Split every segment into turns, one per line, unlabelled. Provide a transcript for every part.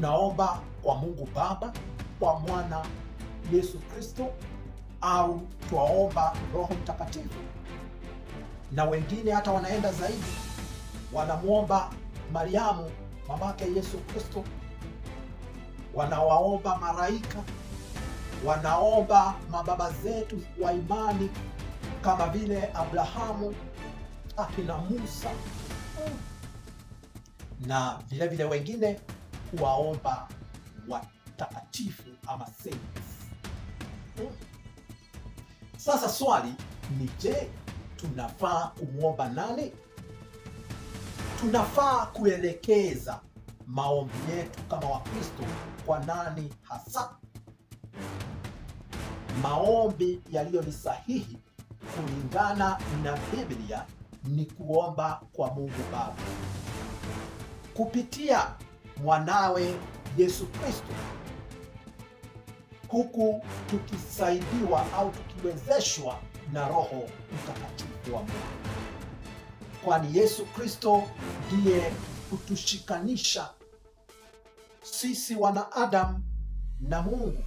tunaomba kwa Mungu Baba, kwa Mwana Yesu Kristo, au twaomba Roho Mtakatifu. Na wengine hata wanaenda zaidi, wanamwomba Mariamu mamake Yesu Kristo, wanawaomba maraika, wanaomba mababa zetu wa imani kama vile Abrahamu, akina Musa na vilevile vile wengine kuwaomba watakatifu ama saints. Hmm. Sasa swali ni je, tunafaa kumwomba nani? Tunafaa kuelekeza maombi yetu kama Wakristo kwa nani hasa? Maombi yaliyo ni sahihi kulingana na Biblia ni kuomba kwa Mungu Baba kupitia mwanawe Yesu Kristo, huku tukisaidiwa au tukiwezeshwa na Roho Mtakatifu wa Mungu, kwani Yesu Kristo ndiye kutushikanisha sisi wanaadamu na Mungu.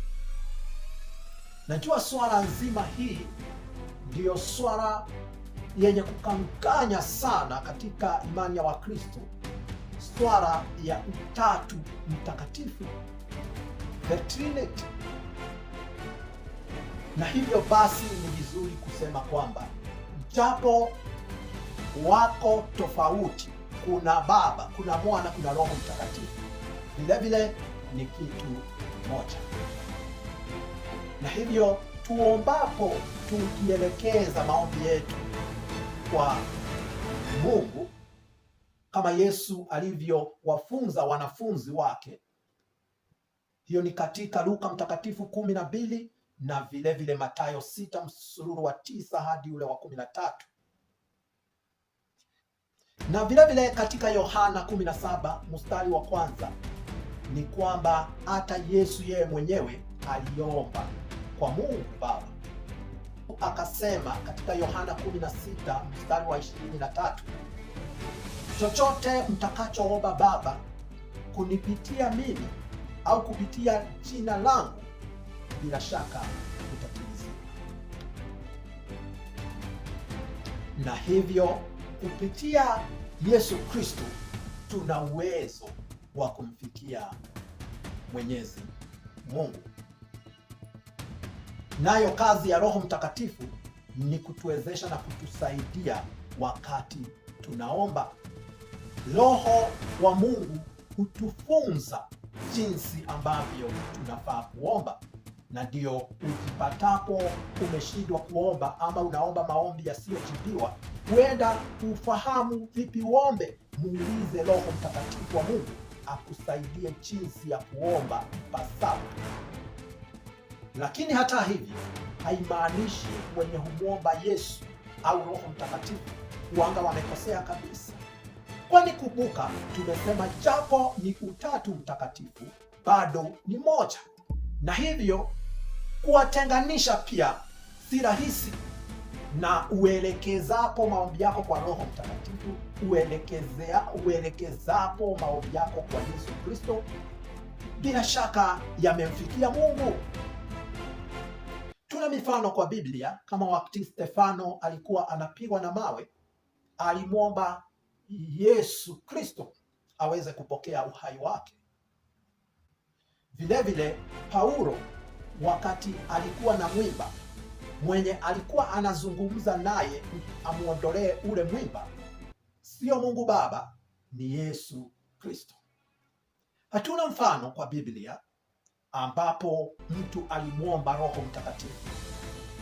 Najua swala nzima hii ndiyo swala yenye kukanganya sana katika imani ya Wakristo swara ya Utatu Mtakatifu, the Trinity. Na hivyo basi ni vizuri kusema kwamba japo wako tofauti, kuna Baba, kuna Mwana, kuna Roho Mtakatifu, vilevile ni kitu moja. Na hivyo tuombapo, tukielekeza maombi yetu kwa Mungu kama Yesu alivyowafunza wanafunzi wake. Hiyo ni katika Luka mtakatifu kumi na mbili na vilevile vile Mathayo sita msururu wa tisa hadi ule wa kumi na tatu na vilevile vile katika Yohana kumi na saba mstari wa kwanza ni kwamba hata Yesu yeye mwenyewe aliomba kwa Mungu Baba akasema katika Yohana 16 mstari wa tatu chochote mtakachoomba Baba kunipitia mimi au kupitia jina langu, bila shaka mtatimizia. Na hivyo kupitia Yesu Kristo tuna uwezo wa kumfikia Mwenyezi Mungu. Nayo kazi ya Roho Mtakatifu ni kutuwezesha na kutusaidia wakati tunaomba Roho wa Mungu hutufunza jinsi ambavyo tunafaa kuomba, na ndio ujipatapo umeshindwa kuomba ama unaomba maombi yasiyojibiwa, huenda ufahamu vipi uombe, muulize Roho Mtakatifu wa Mungu akusaidie jinsi ya kuomba pasapo. Lakini hata hivyo haimaanishi wenye humwomba Yesu au Roho Mtakatifu wanga wamekosea kabisa kwani kumbuka, tumesema japo ni utatu mtakatifu bado ni moja, na hivyo kuwatenganisha pia si rahisi. Na uelekezapo maombi yako kwa Roho Mtakatifu, uelekezea uelekezapo maombi yako kwa Yesu Kristo, bila shaka yamemfikia Mungu. Tuna mifano kwa Biblia, kama wakati Stefano alikuwa anapigwa na mawe, alimwomba Yesu Kristo aweze kupokea uhai wake. Vilevile Paulo wakati alikuwa na mwiba mwenye alikuwa anazungumza naye amwondolee ule mwiba, sio Mungu Baba, ni Yesu Kristo. Hatuna mfano kwa Biblia ambapo mtu alimwomba Roho Mtakatifu,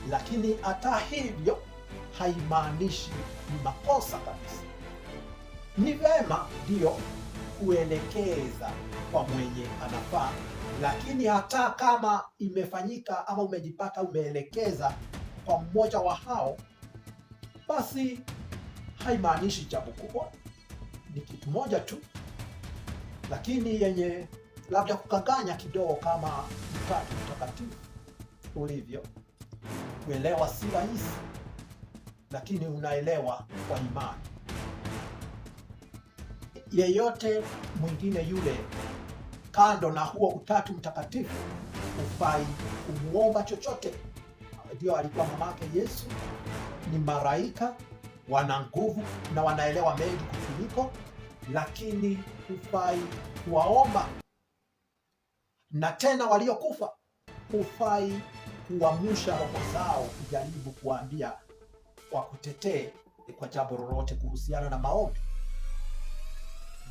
lakini hata hivyo haimaanishi ni makosa kabisa. Ni vema ndiyo kuelekeza kwa mwenye anafaa, lakini hata kama imefanyika ama umejipata umeelekeza kwa mmoja wa hao, basi haimaanishi jambo kubwa, ni kitu moja tu, lakini yenye labda kukanganya kidogo, kama mtatu Mtakatifu ulivyo kuelewa si rahisi, lakini unaelewa kwa imani yeyote mwingine yule kando na huo Utatu Mtakatifu hufai kumwomba chochote. Ndio alikuwa mamake Yesu. Ni maraika, wana nguvu na wanaelewa mengi kufuliko lakini hufai kuwaomba, na tena waliokufa hufai kuamsha roho zao kujaribu kuwaambia wakutetee kwa jambo lolote kuhusiana na maombi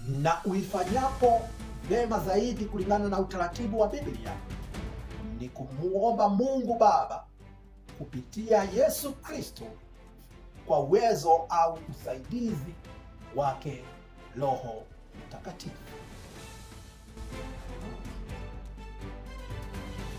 na uifanyapo vyema zaidi kulingana na utaratibu wa Biblia ni kumwomba Mungu Baba kupitia Yesu Kristo kwa uwezo au usaidizi wake Roho Mtakatifu.